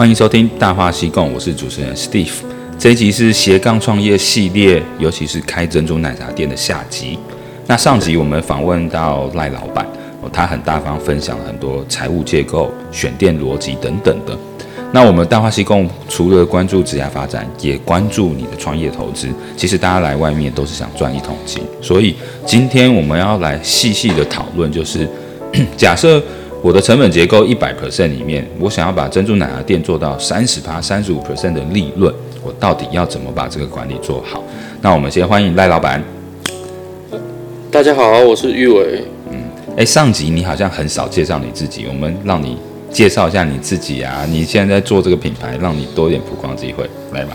歡迎收聽《大話西貢》，我是主持人 Steve。這一集是斜槓創業系列，尤其是開珍珠奶茶店的下集。那上集我們訪問到賴老板，哦，他很大方分享了很多財務結構、選店邏輯等等的。那我們大話西貢除了關注職涯發展，也關注你的創業投資。其實大家來外面都是想賺一桶金，所以今天我們要來細細的討論，就是假設。我的成本結構一百 percent 裡面，我想要把珍珠奶茶店做到三十趴、三十五 percent 的利潤，我到底要怎麼把這個管理做好？那我們先歡迎賴老板。大家好，我是玉偉。嗯，誒、欸，上集你好像很少介紹你自己，我們讓你介紹一下你自己啊！你現在在做這個品牌，讓你多一點曝光機會，來吧。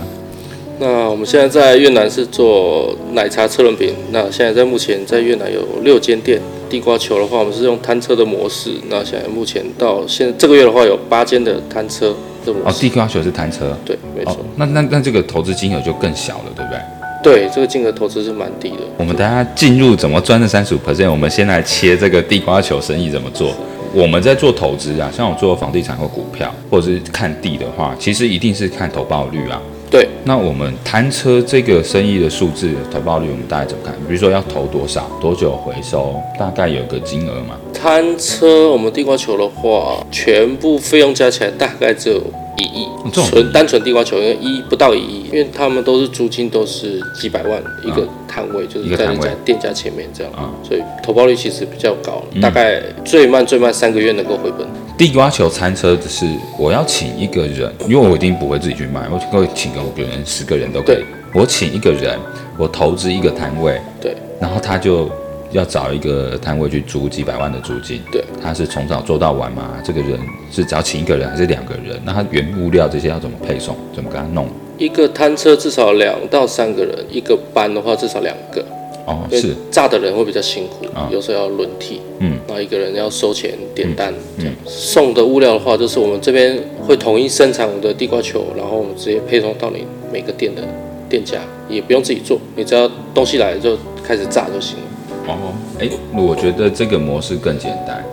那我們現在在越南是做奶茶車輪餅，那現在在目前在越南有六間店。地瓜球的話，我們是用攤車的模式。那現在目前到現在這個月的話，有八間的攤車的模式。哦，地瓜球是攤車，對，沒錯。哦、那那那這個投資金額就更小了，對不對？對，這個金額投資是蠻低的。我們等下進入怎麼賺這三十五 percent？我們先來切這個地瓜球生意怎麼做。我們在做投資啊，像我做房地產或股票，或者是看地的話，其實一定是看投報率啊。對，那我們攤車這個生意的數字投報率，我們大概怎麼看？比如說要投多少，多久回收，大概有個金額嗎？攤車我們地瓜球的話，全部費用加起來大概只有一億，哦、純單純地瓜球因為一不到一億，因為他們都是租金都是幾百萬一個攤位，啊、就是在人家一個攤位店家前面這樣、啊，所以投報率其實比較高了、嗯，大概最慢最慢三個月能夠回本。地瓜球餐車只是我要請一個人，因為我一定不會自己去賣，我就可以請個五個人、十個人都可以。我請一個人，我投資一個攤位，對，然後他就要找一個攤位去租幾百萬的租金，對，他是從早做到晚嘛。這個人是只要請一個人還是兩個人？那他原物料這些要怎麼配送？怎麼跟他弄？一個攤車至少兩到三個人，一個班的話至少兩個。哦，是炸的人會比較辛苦，哦、有時候要輪替，嗯，然後一個人要收錢點單，嗯、這樣、嗯嗯、送的物料的話，就是我們這邊會統一生產我們的地瓜球，然後我們直接配送到你每個店的店家，也不用自己做，你只要東西來就開始炸就行了。哦,哦，哎、欸，我覺得這個模式更簡單，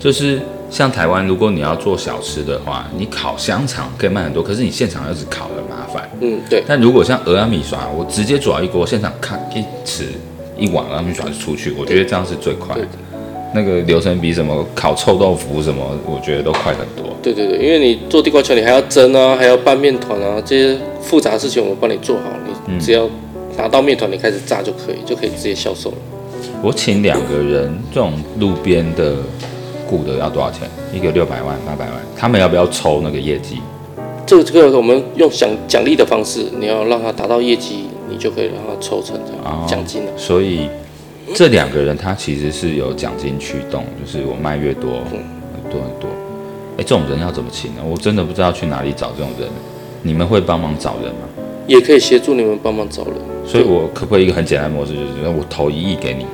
就是像台灣，如果你要做小吃的話，你烤香腸可以賣很多，可是你現場要是烤很麻煩，嗯，對。但如果像蚵仔米粉，我直接煮好一鍋，現場看一吃。一碗麵團出去，我覺得這樣是最快的。對的，那個流程比什麼烤臭豆腐什麼，我覺得都快很多。對對對，因為你做地瓜球，你還要蒸啊，還要拌麵團啊，這些複雜的事情我幫你做好，你只要拿到麵團，你開始炸就可以，嗯、就可以直接銷售了。我請兩個人，這種路邊的僱的要多少錢？一個六百萬八百萬，他們要不要抽那個業績？這個這個我們用獎獎勵的方式，你要讓他達到業績。你就可以讓他抽成這樣獎金了。哦、所以這兩個人他其實是有獎金驅動，就是我賣越多，嗯，很多很多。哎，這種人要怎麼請呢？我真的不知道去哪裡找這種人。你們會幫忙找人嗎？也可以協助你們幫忙找人。所以我,所以我可不可以一個很簡單的模式，就是我投一億給你，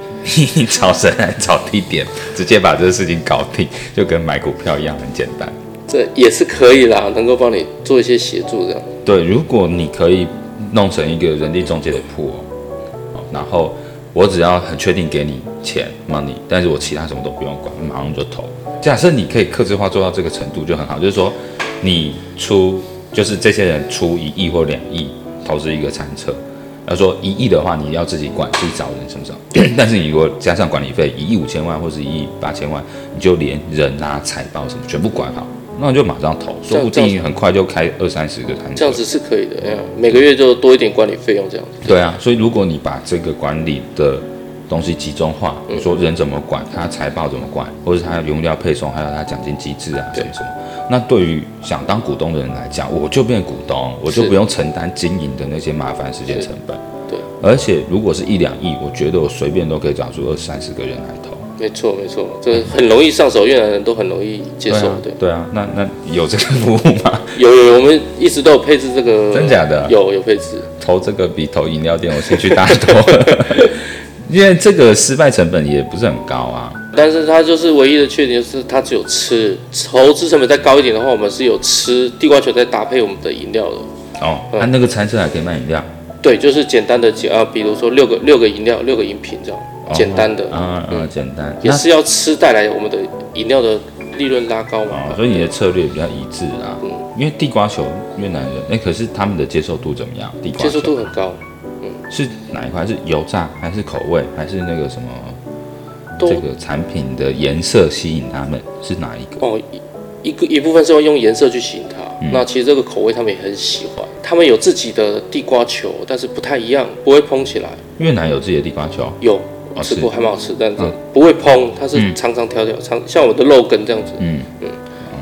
你找誰來、找地點，直接把這個事情搞定，就跟買股票一樣，很簡單。這也是可以啦，能夠幫你做一些協助，這樣。對，如果你可以。弄成一個人力中介的鋪，哦，然後我只要很確定給你錢 money，但是我其他什麼都不用管，馬上就投。假設你可以客製化做到這個程度就很好，就是說你出，就是這些人出一億或兩億投資一個餐車，要說一億的話你要自己管，自己找人什麼什麼，但是你如果加上管理費一億五千萬或是一億八千萬，你就連人吶、財報什麼全部管好。那你就馬上投，說不定很快就開二三十個攤。這樣子是可以的，每個月就多一點管理費用這樣子。對啊，所以如果你把這個管理的東西集中化，嗯、比如說人怎麼管、嗯，他財報怎麼管，或者他用料配送、嗯，還有他獎金機制啊，嗯、什麼什麼，那對於想當股東的人來講，我就變股東，我就不用承擔經營的那些麻煩時間成本。對，而且如果是一兩億，我覺得我隨便都可以找出二三十個人來。沒錯沒錯，這、就是、很容易上手，越南人都很容易接受。對啊對啊，對。那那有這個服務嗎？有有，我們一直都有配置這個。真假的？有有配置。投這個比投飲料店我先去，我興趣大多了，因為這個失敗成本也不是很高啊。但是它就是唯一的缺點，就是它只有吃。投資成本再高一點的話，我們是有吃地瓜球再搭配我們的飲料的。哦，它、嗯啊、那個餐車還可以賣飲料。對，就是簡單的就啊，比如說六個六個飲料六個飲品這樣，哦、簡單的嗯，嗯，簡單也是要吃帶來我們的飲料的利潤拉高嘛、哦。所以你的策略比較一致啊，嗯，因為地瓜球越南人哎、欸，可是他們的接受度怎麼樣地瓜？接受度很高，嗯，是哪一塊？是油炸還是口味還是那個什麼？這個產品的顏色吸引他們是哪一個？哦一個一部分是要用顏色去吸引它、嗯。那其實這個口味他們也很喜歡。他們有自己的地瓜球，但是不太一樣，不會膨起來。越南有自己的地瓜球，有、哦、吃過，還蠻好吃，但是、嗯、不會膨，它是長長條條、嗯，像我們的肉根這樣子。嗯嗯，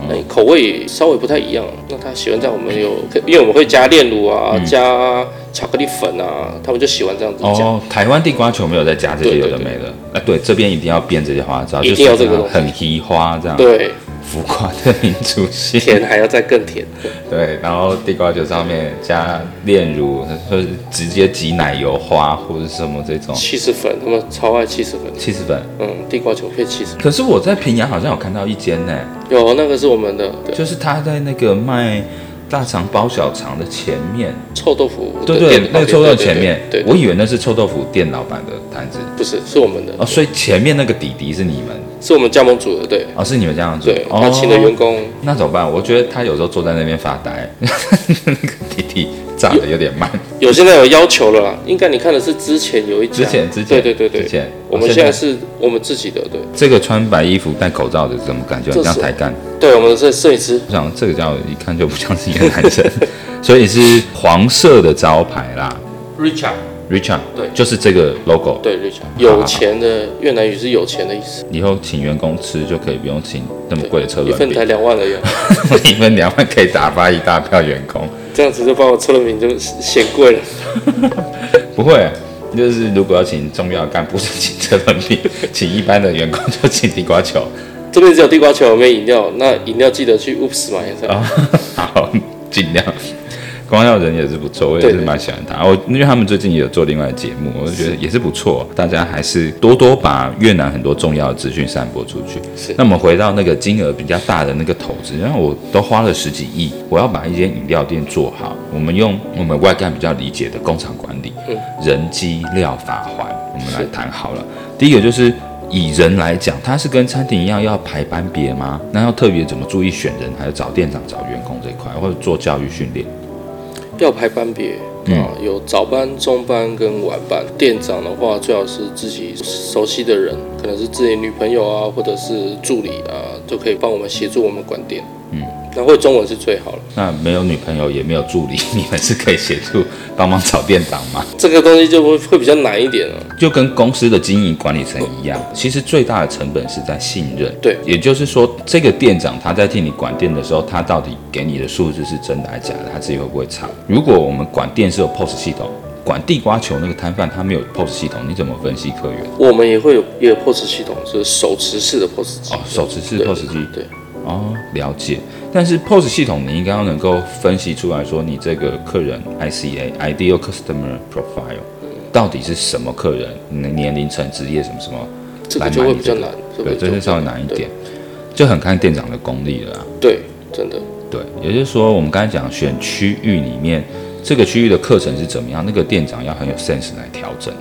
嗯那口味稍微不太一樣、嗯。那他喜歡在我們有，因為我們會加煉乳啊、嗯，加巧克力粉啊，他們就喜歡這樣子。哦，台灣地瓜球沒有再加這些有的沒的，哎、啊，對，這邊一定要變這些花招，一定要這個很奇花這樣。對。浮誇的民族性，甜還要再更甜，對。然後地瓜球上面加煉乳，他、就、說、是、直接擠奶油花或者什麼這種。七十粉，他們超愛七十粉。七十粉，嗯，地瓜球配七十。可是我在平陽好像有看到一間呢，有那個是我們的對，就是他在那個賣大腸包小腸的前面，臭豆腐。對對，對，對，那個臭豆腐前面對對對對對對，我以為那是臭豆腐店老板的攤子，不是，是我們的。哦，所以前面那個弟弟是你們。是我們加盟組的，對，哦、是你們加盟組的，他請的員工、哦。那怎麼辦？我覺得他有時候坐在那邊發呆， 那個弟弟長得有點慢有。有現在有要求了啦，應該你看的是之前有一家，之前之前對對對，對之前我們現在是我們自己的，對。哦、這個穿白衣服戴口罩的這種感覺？很像抬敢。對，我們是攝影師。我想這個叫一看就不像是一個男生， 所以是黃色的招牌啦，Richard。Richard，對，就是這個 logo。對、Richard、有錢的好好好，越南語是有錢的意思。以後請員工吃就可以不用請那麼貴的車輪餅，一份才兩萬而已， 一份兩萬可以打發一大票員工。 這樣子就把我車輪餅就嫌貴了。 不會、啊，就是如果要請重要幹部就請車輪餅， 請一般的員工就請地瓜球。這邊只有地瓜球，沒有飲料，那飲料記得去 OOPS 買一下。啊、 好，盡量。光耀人也是不錯，我也是蠻喜歡他。對對。我因為他們最近也有做另外的節目，我就覺得也是不錯。是。大家還是多多把越南很多重要的資訊散播出去。是。那我們回到那個金額比較大的那個投資，因為我都花了十幾億，我要把一間飲料店做好。我們用我們外干比較理解的工廠管理，嗯、人、機、料、法、環，我們來談好了。第一個就是以人來講，他是跟餐廳一樣要排班別嗎？那要特別怎麼注意選人，還是找店長、找員工這一塊，或者做教育訓練？要排班別、嗯、啊，有早班、中班跟晚班。店長的話，最好是自己熟悉的人，可能是自己女朋友啊，或者是助理啊，就可以幫我們協助我們管店。嗯。那會中文是最好的。那沒有女朋友，也沒有助理，你們是可以協助幫忙找店長嗎？這個東西就會會比較難一點了、嗯。就跟公司的經營管理層一樣、嗯，其實最大的成本是在信任。對，也就是說，這個店長他在替你管店的時候，他到底給你的數字是真的還是假的？他自己會不會查？如果我們管店是有 POS 系統，管地瓜球那個攤販他沒有 POS 系統，你怎麼分析客源？我們也會有也有 POS 系統，就是手持式的 POS 機。哦，手持式的 POS 機對。對。哦，了解。但是 POS 系統你應該要能夠分析出來，說你這個客人 ICA Ideal Customer Profile 到底是什麼客人，你年齡層、職業什麼什麼，這個、就會比較難，這個這個、對，這些稍微難一點，就很看店長的功力了啦。對，真的。對，也就是說，我們剛才講選區域裡面這個區域的課程是怎麼樣，那個店長要很有 sense 來調整。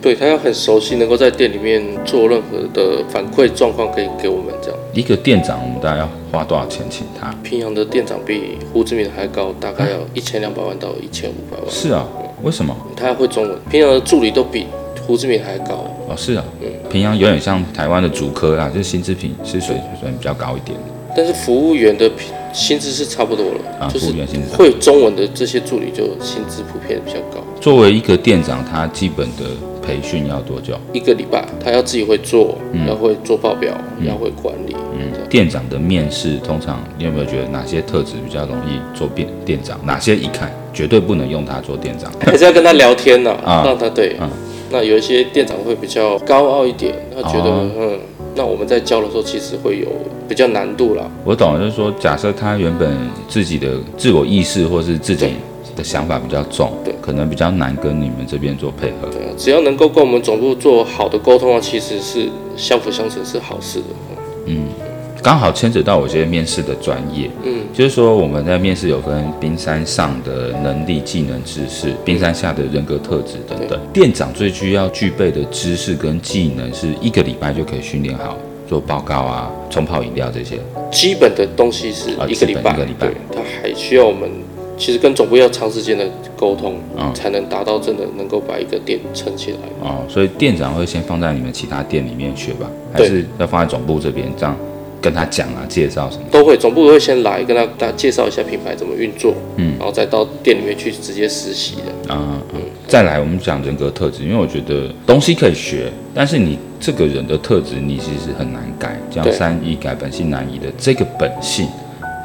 對他要很熟悉，能夠在店裡面做任何的反饋狀況，可以給我們這樣。一個店長，我們大概要花多少錢請他？啊？平陽的店長比胡志明還高，大概要一千兩百萬到一千五百萬。是啊，為什麼？嗯？他要會中文。平陽的助理都比胡志明還高哦。是啊，嗯，平陽有點像台灣的竹科啊，就是薪資品是水準比較高一點，但是服務員的品。薪資是差不多了啊，就是原薪資會中文的這些助理，就薪資普遍比較高。作為一個店長，他基本的培訓要多久？一個禮拜，他要自己會做，嗯、要會做報表，嗯、要會管理。嗯嗯、店長的面試通常，你有沒有覺得哪些特質比較容易做店店長？哪些一看絕對不能用他做店長？還是要跟他聊天呢？啊， 啊讓他對，啊，那有一些店長會比較高傲一點，他覺得、啊、嗯。那我們在教的時候，其實會有比較難度了。我懂，就是說，假設他原本自己的自我意識或是自己的想法比較重，對，對，可能比較難跟你們這邊做配合。對啊，只要能夠跟我們總部做好的溝通啊，其實是相輔相成，是好事的。嗯。嗯剛好牽扯到我今天面試的專業，嗯，就是說我們在面試有分冰山上的能力、技能、知識、嗯，冰山下的人格特質等等。店長最需要具備的知識跟技能是一個禮拜就可以訓練好、嗯，做報告啊，沖泡飲料這些基本的東西是一個禮拜。它、呃、還需要我們其實跟總部要長時間的溝通、嗯，才能達到真的能夠把一個店撐起來。哦、嗯嗯，所以店長會先放在你們其他店裡面學吧，還是要放在總部這邊這樣？跟他講啊，介紹什麼都會，總部會先來跟他，他介紹一下品牌怎麼運作，嗯，然後再到店裡面去直接實習的啊，嗯，再來我們講人格特質，因為我覺得東西可以學，但是你這個人的特質你其實很難改，江山易改，本性難移的這個本性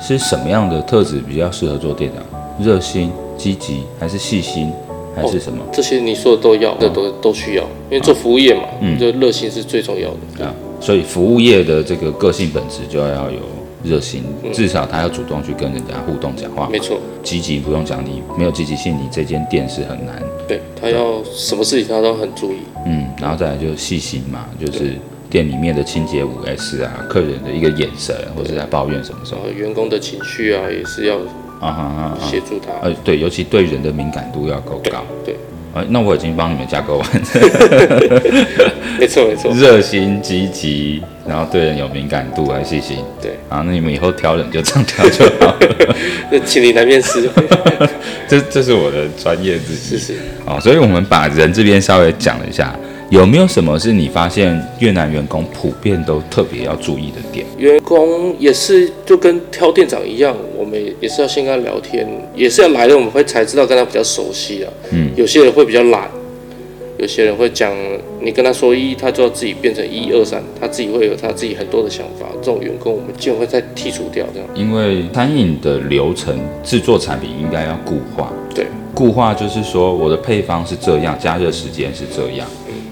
是什麼樣的特質比較適合做店長？熱心、積極，還是細心，還是什麼？哦、這些你說的都要的、哦、都都需要，因為做服務業嘛，嗯、啊，就熱心是最重要的。所以服務業的這個個性本質就要有熱心、嗯，至少他要主動去跟人家互動講話。沒錯，積極不用講，你、嗯、沒有積極性，你這間店是很難。對他要什麼事情他都很注意。嗯，然後再來就是細心嘛，就是店裡面的清潔五 S 啊，客人的一個眼神或者在抱怨什麼什麼，呃、員工的情緒啊，也是要啊協助他，啊哈哈啊哈啊。對，尤其對人的敏感度要夠高。對。對。啊，那我已經幫你們架構完了，了 沒錯沒錯，熱心積極，然後對人有敏感度啊，細心，對，啊那你們以後挑人就這樣挑就好了， 這請你來面試，這這是我的專業知識，是是，哦，所以我們把人這邊稍微講了一下。有沒有什麼是你發現越南員工普遍都特別要注意的點？員工也是就跟挑店長一樣，我們也是要先跟他聊天，也是要來了我們會才知道跟他比較熟悉啊。嗯，有些人會比較懶，有些人會講，你跟他說一，他就要自己變成一二三，他自己會有他自己很多的想法。這種員工我們就會再剔除掉這樣。因為餐飲的流程製作產品應該要固化，對，固化就是說我的配方是這樣，加熱時間是這樣。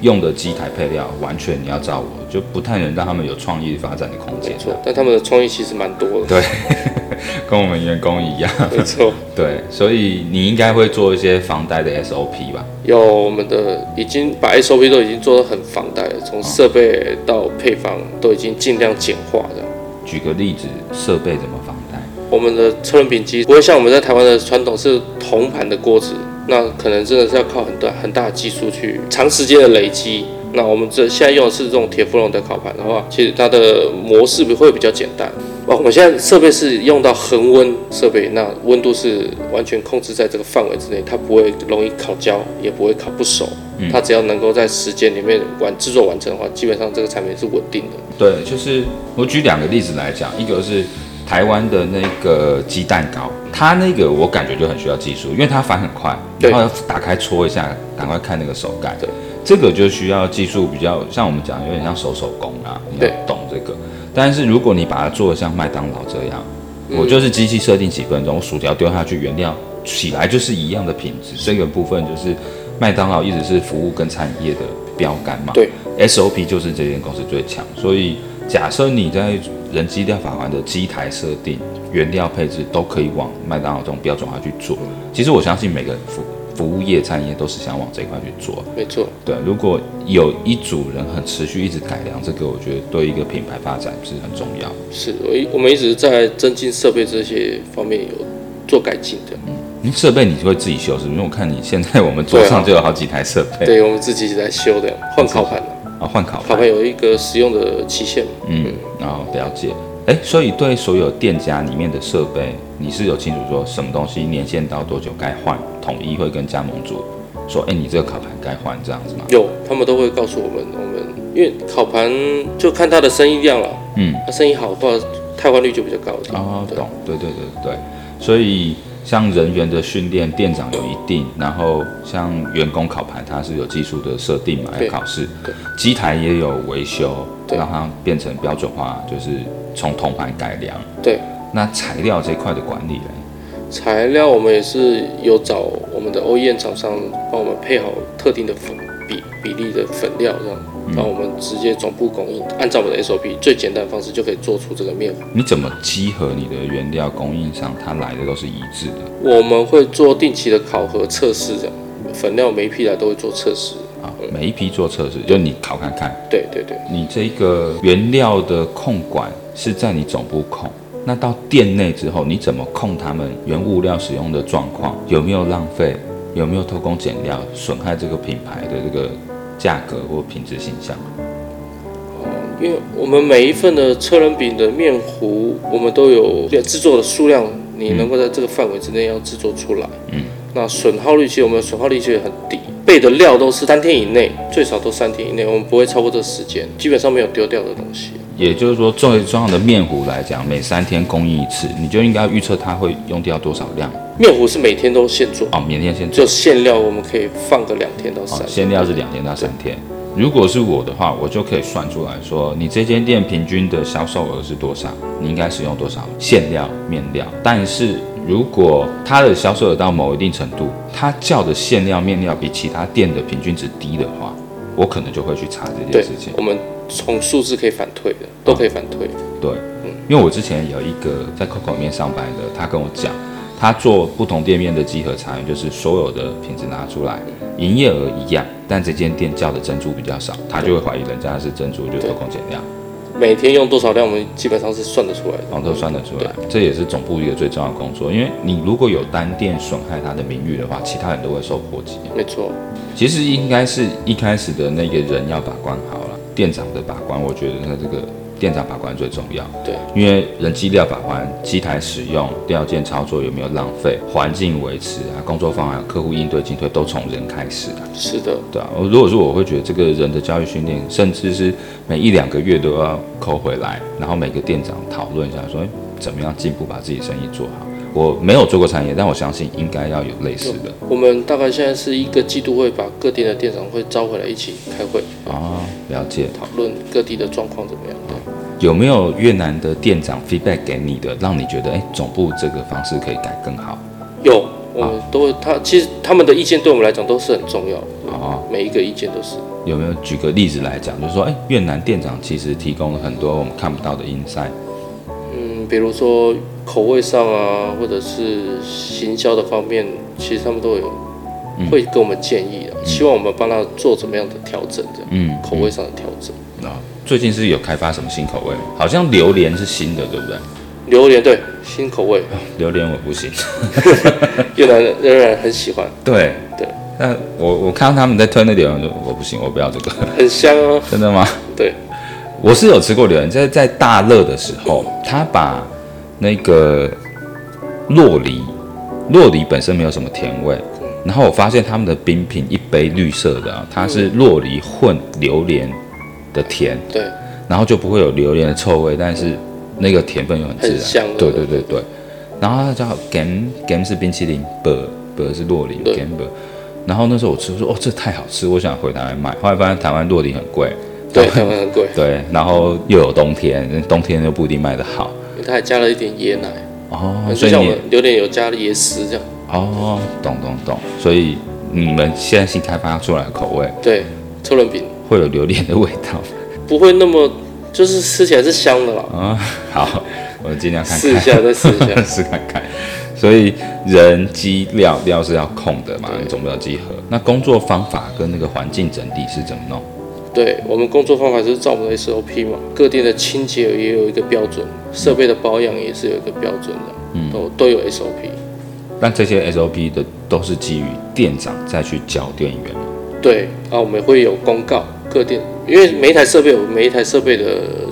用的機台配料完全你要照我，就不太能讓他們有創意發展的空間，沒錯。但他們的創意其實蠻多的，對呵呵，跟我們員工一樣，沒錯。 對，所以你應該會做一些防呆的 SOP 吧？有，我們的已經把 SOP 都已經做的很防呆了，從設備到配方都已經盡量簡化了。哦。舉個例子，設備怎麼？我們的車輪餅機不會像我們在台灣的傳統是銅盤的鍋子，那可能真的是要靠很大很大的技術去長時間的累積。那我們這現在用的是這種鐵氟龍的烤盤的話，其實它的模式會比較簡單。哦，我們現在設備是用到恆溫設備，那溫度是完全控制在這個範圍之內，它不會容易烤焦，也不會烤不熟。嗯，它只要能夠在時間裡面完製作完成的話，基本上這個產品是穩定的。對，就是我舉兩個例子來講，一個是。台灣的那個雞蛋糕，它那個我感覺就很需要技術，因為它翻很快，然後要打開搓一下，趕快看那個手感。對，這個就需要技術比較，像我們講有點像手手工啊，你要懂這個。但是如果你把它做的像麥當勞這樣，我就是機器設定幾分鐘，薯條丟下去，原料起來就是一樣的品質。這個部分就是麥當勞一直是服務跟餐飲業的標桿嘛，對，SOP 就是這間公司最強，所以。假設你在人機料法環的機台設定、原料配置，都可以往麥當勞這種標準化去做，其實我相信每個服服務業餐飲業都是想往這一塊去做。沒錯。對，如果有一組人很持續一直改良，這個我覺得對一個品牌發展是很重要。是我一我們一直在增進設備這些方面有做改進的。嗯，設備你就會自己修是不是？因為我看你現在我們桌上就有好幾台設備。對啊，對，我們自己一直在修的，換烤盤換烤盤有一個使用的期限，嗯，然後了解。哎、哦，所以對所有店家裡面的設備，你是有清楚說什麼東西年限到多久該換，統一會跟加盟主說，哎，你這個烤盤該換這樣子嗎？有，他們都會告訴我們，我們因為烤盤就看它的生意量了，嗯，它生意好的話，替換率就比較高哦對。哦，懂，對對對對，對，所以。像人員的訓練，店長有一定，然後像員工考牌，它是有技術的設定嘛，來考試，機台也有維修，對，讓它變成標準化，就是從銅牌改良。對，那材料這塊的管理呢？材料我們也是有找我們的 OEM 廠商幫我們配好特定的粉比比例的粉料這樣。那、嗯、我們直接總部供應，按照我們的 SOP 最簡單的方式就可以做出這個麵。你怎麼集合你的原料供應商？它來的都是一致的？我們會做定期的考核測試的，粉料每一批來都會做測試啊，每一批做測試，嗯、就你考看看。對對對，你這個原料的控管是在你總部控，那到店內之後，你怎麼控他們原物料使用的狀況？有沒有浪費？有沒有偷工減料？損害這個品牌的這個？價格或品質形象、嗯。因為我們每一份的車輪餅的麵糊，我們都有制作的數量，你能夠在這個範圍之內要制作出來。嗯，那損耗率其實我們的損耗率其實很低，備的料都是三天以內，最少都三天以內，我們不會超過這個時間，基本上沒有丟掉的東西。也就是說，作為重要的麵糊來講，每三天供應一次，你就應該預測它會用掉多少量。面糊是每天都現做，哦，每天現做。就餡料我們可以放個兩天到三天，哦，餡料是兩天到三天。如果是我的話，我就可以算出來說，你這間店平均的銷售額是多少，你應該使用多少餡料、面料。但是如果它的銷售額到某一定程度，它叫的餡料、面料比其他店的平均值低的話，我可能就會去查這件事情。我們。從數字可以反推的，都可以反推、哦。對，嗯，因為我之前有一個在 COCO 裡面上班的，他跟我講，他做不同店面的集合茶園，就是所有的品質拿出來，營業額一樣，但這間店叫的珍珠比較少，他就會懷疑人家是珍珠就偷工減料。每天用多少量，我們基本上是算得出來的，哦、都算得出來、嗯。這也是總部一個最重要的工作，因為你如果有單店損害他的名譽的話，其他人都會受波及。沒錯，其實應該是一開始的那個人要把關好了。店長的把關，我覺得那這個店長把關最重要。對，因為人機料把關，機台使用、料件操作有沒有浪費，環境維持啊，工作方案、客戶應對進退，都從人開始的、啊。是的，對啊。如果說我會覺得這個人的教育訓練，甚至是每一兩個月都要扣回來，然後每個店長討論一下說，說、欸、怎麼樣進步，把自己生意做好。我沒有做過產業，但我相信應該要有類似的。我們大概現在是一個季度會把各地的店長會召回來一起開會啊、哦，了解討論各地的狀況怎麼樣、哦。對，有沒有越南的店長 feedback 給你的，讓你覺得哎、欸，總部這個方式可以改更好？有，我們都會、哦、他其實他們的意見對我們來講都是很重要的啊、哦，每一個意見都是。有沒有舉個例子來講，就是說哎、欸，越南店長其實提供了很多我們看不到的 insight？嗯，比如說。口味上啊，或者是行銷的方面，其實他們都有會給我們建議的、嗯，希望我們幫他做怎麼樣的調整，這樣嗯，嗯，口味上的調整、啊。最近是有開發什麼新口味？好像榴蓮是新的，對不對？榴蓮，對，新口味。啊、榴蓮我不行， 越南仍然很喜歡。對對，那我我看到他們在推那榴蓮，我不行，我不要這個。很香啊、哦！ 真的嗎？對，我是有吃過榴蓮，在在大熱的時候，他把。那個酪梨，酪梨本身沒有什麼甜味，嗯，然後我發現他們的冰品一杯綠色的，它是酪梨混榴蓮的甜，對，嗯，然後就不會有榴蓮的臭味，嗯，但是那個甜分又很自然很，對對對對。嗯，然後他叫 gam gam 是冰淇淋 bir bir 是酪梨 gamber，然後那時候我吃的時候，哦，這太好吃，我想回台灣買，後來發現台灣酪梨很貴，對，很貴，對很貴，對，然後又有冬天，冬天又不一定賣得好。他還加了一點椰奶哦，所以像我們榴蓮有加了椰絲這樣哦，懂懂懂。所以你們現在新開發出來的口味，對，車輪餅會有榴蓮的味道，不會那麼就是吃起來是香的了。啊、哦，好，我盡量看看，試一下，再試一下， 試看看。所以人機料料是要控的嘛，總不要集合。那工作方法跟那個環境整體是怎麼弄？對，我們工作方法是照我們的 SOP 嘛，各店的清潔也有一個標準，設備的保養也是有一個標準的，嗯，都都有 SOP。那這些 SOP 的都是基於店長再去教店員的。對，啊，我們會有公告各店，因為每一台設備，每一台設備的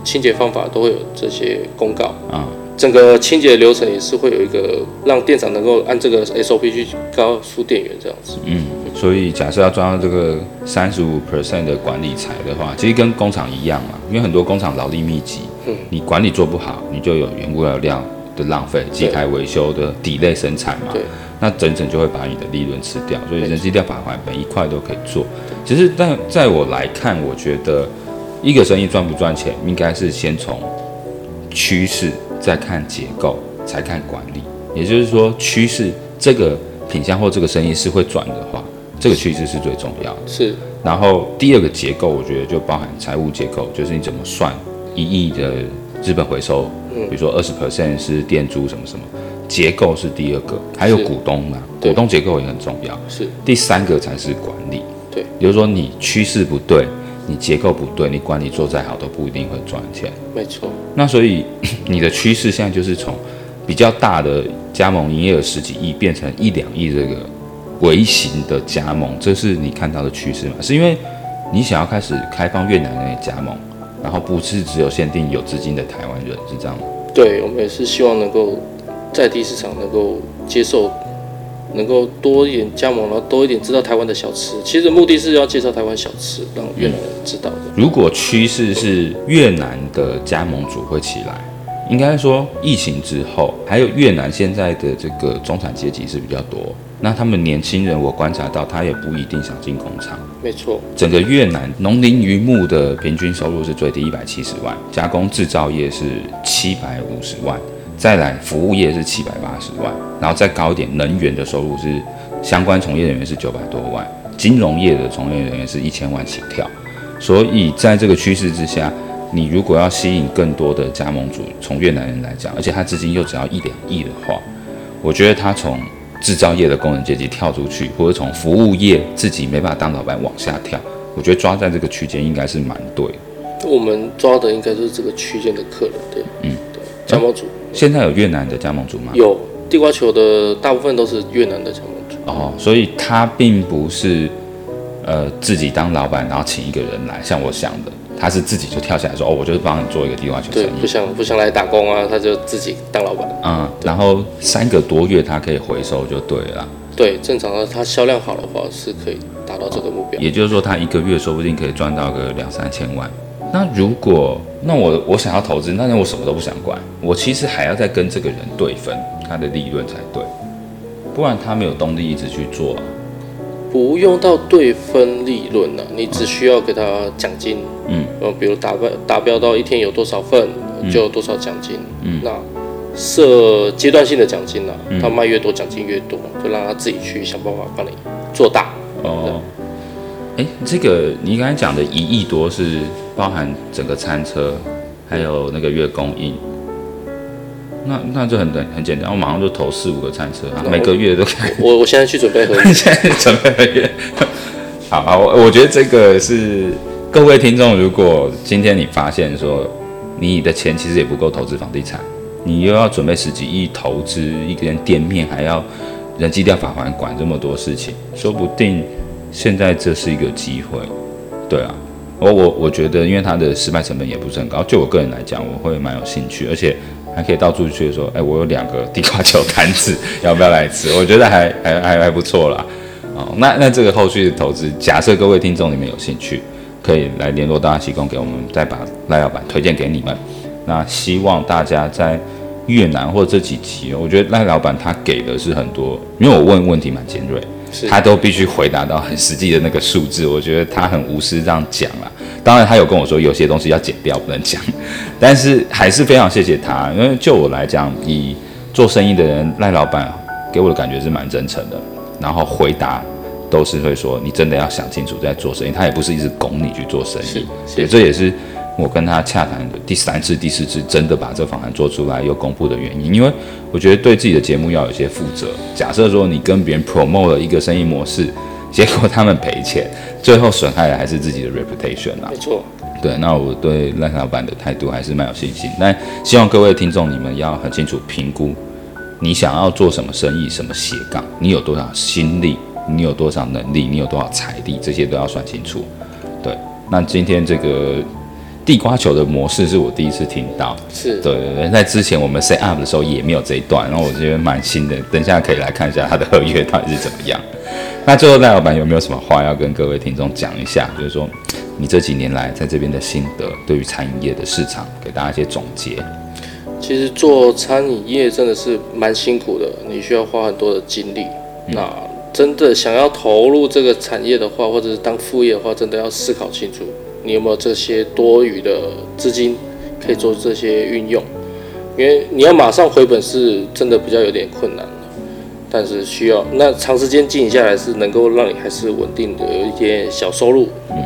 清潔方法都會有這些公告啊。整個清潔流程也是會有一個讓店長能夠按這個 S O P 去告訴店員這樣子。嗯，所以假設要抓到這個三十五 percent 的管理財的話，其實跟工廠一樣嘛，因為很多工廠勞力密集，嗯，你管理做不好，你就有原物料量的浪費、機台維修的 delay 生產嘛，對，那整整就會把你的利潤吃掉。所以人機料法環每一塊都可以做。其實但在我來看，我覺得一個生意賺不賺錢，應該是先從趨勢。再看結構，才看管理。也就是說，趨勢這個品項或這個生意是會轉的話，這個趨勢是最重要的。是，然後第二個結構，我覺得就包含財務結構，就是你怎麼算一億的資本回收，嗯、比如說二十 percent 是店租什麼什麼，結構是第二個，還有股東呢，股東結構也很重要。是，第三個才是管理。對，比如說你趨勢不對。你結構不對，你管理做再好都不一定會賺錢。沒錯，那所以你的趨勢現在就是從比較大的加盟營業額十幾億，變成一兩億這個微型的加盟，這是你看到的趨勢嗎？是因為你想要開始開放越南人的加盟，然後不是只有限定有資金的台灣人，是這樣嗎？對，我們也是希望能夠在地市場能夠接受。能夠多一點加盟，然後多一點知道台灣的小吃。其實目的是要介紹台灣小吃，讓越南人知道的、嗯。如果趨勢是越南的加盟組會起來，應該說疫情之後，還有越南現在的這個中產階級是比較多。那他們年輕人，我觀察到他也不一定想進工廠。沒錯，整個越南農林漁牧的平均收入是最低一百七十萬，加工制造業是七百五十萬。再來服務業是七百八十萬，然後再高一點，能源的收入是相關從業人員是九百多萬，金融業的從業人員是一千萬起跳。所以在這個趨勢之下，你如果要吸引更多的加盟主，從越南人來講，而且他資金又只要一兩億的話，我覺得他從制造業的工人階級跳出去，或者從服務業自己沒辦法當老板往下跳，我覺得抓在這個區間應該是蠻對。我們抓的應該就是這個區間的客人，對，嗯，對，加盟主。現在有越南的加盟主嗎？有，地瓜球的大部分都是越南的加盟主。哦，所以他並不是，呃，自己當老闆，然後請一個人來，像我想的，他是自己就跳下來說，嗯，哦，我就是幫你做一個地瓜球生意。對，不想不想來打工啊，他就自己當老闆。嗯，然後三個多月他可以回收就對了。對，正常的他銷量好的話是可以達到這個目標。哦，也就是說，他一個月說不定可以賺到個兩三千萬。那如果那我我想要投資，那我什麼都不想管，我其實還要再跟這個人對分他的利潤才對，不然他沒有動力一直去做啊。不用到對分利潤了、啊。你只需要給他獎金、啊，嗯，比如達標達標到一天有多少份，就有多少獎金，嗯，嗯，那設階段性的獎金了、啊，他賣越多獎、嗯、金越多，就讓他自己去想辦法幫你做大，哦。哎，這個你剛才講的一億多是包含整個餐車，還有那個月供應，那那就很很簡單，我馬上就投四五個餐車、啊，每個月都可以。我我，我現在去準備合約， 現在準備合 約。好好我，我覺得這個是各位聽眾，如果今天你發現說你的錢其實也不夠投資房地產，你又要準備十幾億投資一間店面，還要人機料法環管這麼多事情，說不定。現在這是一個機會。對啊，我我我覺得，因為它的失敗成本也不是很高。就我個人來講，我會蠻有興趣，而且還可以到處去說，哎，我有兩個地瓜球杆子， 要不要來吃？我覺得還還還還不錯啦。哦，那那這個後續的投資，假設各位聽眾你們有興趣，可以來聯絡大話西貢，給我們再把賴老板推薦給你們。那希望大家在越南或這幾集，我覺得賴老板他給的是很多，因為我問問題蠻尖銳。他都必須回答到很實際的那個數字，我覺得他很無私這樣講啊。當然，他有跟我說有些東西要剪掉不能講，但是還是非常謝謝他，因為就我來講，以做生意的人，賴老板給我的感覺是蠻真誠的，然後回答都是會說你真的要想清楚再做生意，他也不是一直拱你去做生意，是，謝謝。對，這也是。我跟他洽談的第三次，第四次，真的把這訪談做出來又公布的原因，因為我覺得對自己的節目要有些負責。假設說你跟別人 promote 了一個生意模式，結果他們賠錢，最後損害的還是自己的 reputation 啦、啊。沒錯。對，那我對賴老板的態度還是蠻有信心。但希望各位聽眾，你們要很清楚評估你想要做什麼生意，什麼斜槓，你有多少心力，你有多少能力，你有多少財力，這些都要算清楚。對，那今天這個。地瓜球的模式是我第一次聽到，是對對對，在之前我們 set up 的時候也沒有這一段，然後我覺得蠻新的。等一下可以來看一下他的合約到底是怎麼樣？ 那最後賴老板有沒有什麼話要跟各位聽眾講一下？就是說你這幾年來在這邊的心得，對於餐飲業的市場給大家一些總結。其實做餐飲業真的是蠻辛苦的，你需要花很多的精力。嗯。那真的想要投入這個產業的話，或者是當副業的話，真的要思考清楚。你有沒有這些多餘的資金可以做這些運用？因為你要馬上回本是真的比較有點困難，但是需要那長時間經營下來是能夠讓你還是穩定的有一些小收入，嗯，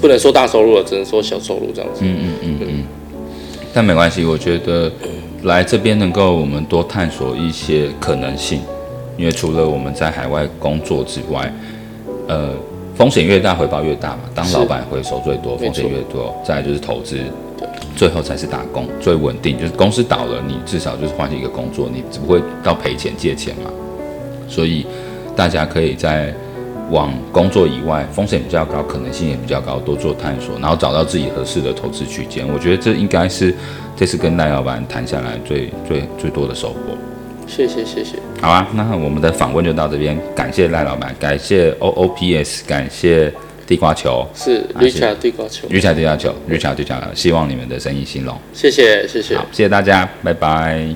不能說大收入了，只能說小收入這樣子。嗯嗯嗯嗯。但沒關係，我覺得來這邊能夠我們多探索一些可能性，因為除了我們在海外工作之外，呃。風險越大回報越大嘛，當老闆回收最多，風險越多。再來就是投資，最後才是打工最穩定。就是公司倒了，你至少就是換下一個工作，你只不會到賠錢借錢嘛。所以大家可以在往工作以外，風險比較高，可能性也比較高，多做探索，然後找到自己合適的投資區間。我覺得這應該是這次跟賴老闆談下來最最最多的收穫。謝謝謝謝，好啊，那我們的訪問就到這邊，感謝賴老板，感謝 OOPS，感謝地瓜球，是 Richard 地瓜球，Richard 地瓜球，Richard 地瓜。希望你們的生意興隆，謝謝謝謝，好，謝謝大家，拜拜。